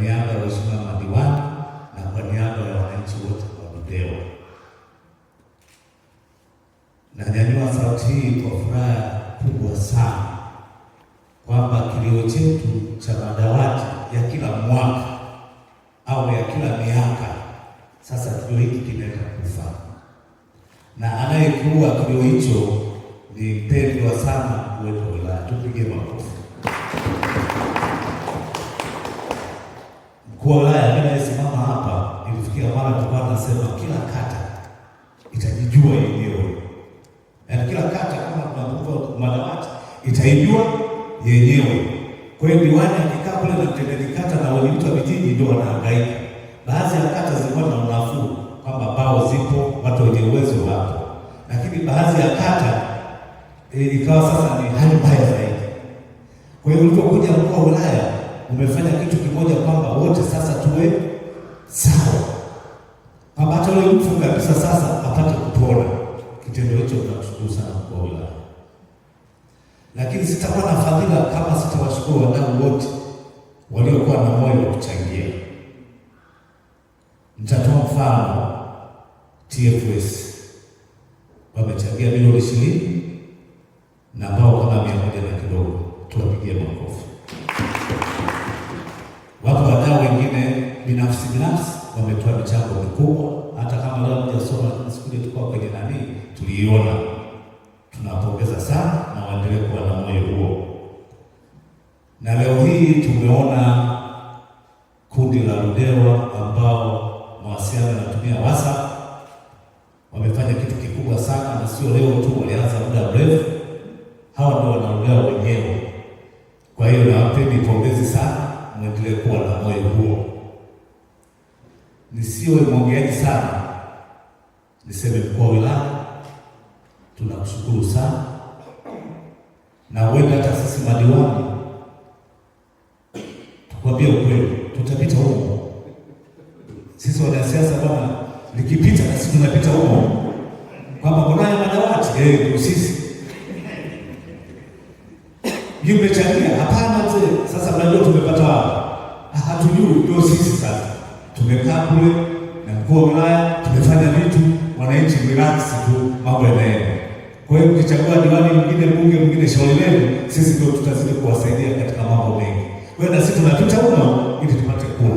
niaba ya waheshimiwa madiwani na kwa niaba ya wananchi wote wa Ludewa, nanyanyua sauti hii kwa furaha kubwa sana kwamba kilio chetu cha madawati ya kila mwaka au ya kila miaka sasa kilio hiki kimeenda kufa, na anayekuwa kilio hicho ni mpendwa sana kuwepo wilaya. Tupige makofi. mkuu wa wilaya anayesimama hapa, ilifikia mara tulikuwa tunasema kila kata itajijua yenyewe, yaani kila kata kama kuna madawati itaijua yenyewe. Kwa hiyo diwani akikaa kule na mtendaji kata na mtu wa vijiji ndio wanahangaika. Baadhi ya kata zilikuwa na unafuu kwamba bao zipo, watu wenye uwezo wapo, lakini baadhi ya kata eh, ikawa sasa ni hali mbaya zaidi. Kwa hiyo ulipokuja mkuu wa wilaya umefanya kitu kimoja, kwamba wote sasa tuwe sawa, kwamba hata mtu mfu kabisa sasa apate kupona. Kitendo hicho nakushukuru sana kwa wilaya, lakini sitakuwa na fadhila kama sitawashukuru wadau wote waliokuwa na moyo wa kuchangia. Nitatoa mfano, TFS wamechangia milioni ishirini na mbao kama mia moja na kidogo binafsi binafsi wametoa michango mikubwa, hata kama leo mjasoma, siku ile tulikuwa kwenye nani, tuliiona. tunapongeza sana na waendelee kuwa na moyo huo. Na leo hii tumeona kundi la Ludewa ambao mawasiliano yanatumia WhatsApp wamefanya kitu kikubwa sana, na sio leo tu, walianza muda mrefu. Hawa ndio wanaongea wenyewe. Kwa hiyo nawapeni pongezi sana, mwendelee kuwa na moyo huo. Nisiwe mwongeaji sana, niseme mkuu wa wilaya tunakushukuru sana, na huenda hata sisi madiwani tukwambia ukweli, tutapita huko. Sisi wanasiasa bwana, nikipita na sisi tunapita huko, kwamba haya madawati eh, sisi mmechangia? Hapana mzee, sasa mnajua tumepata wapi? Hatujui, ndio sisi sasa tumekaa kule na mkuu wa wilaya, tumefanya vitu, wananchi relax tu, mambo yanaenda. Kwa hiyo ukichagua diwani mwingine, bunge mwingine, shauri lenu, sisi ndio tutazidi kuwasaidia katika mambo mengi. Kwa hiyo na sisi tunapita huko ili tupate kuwa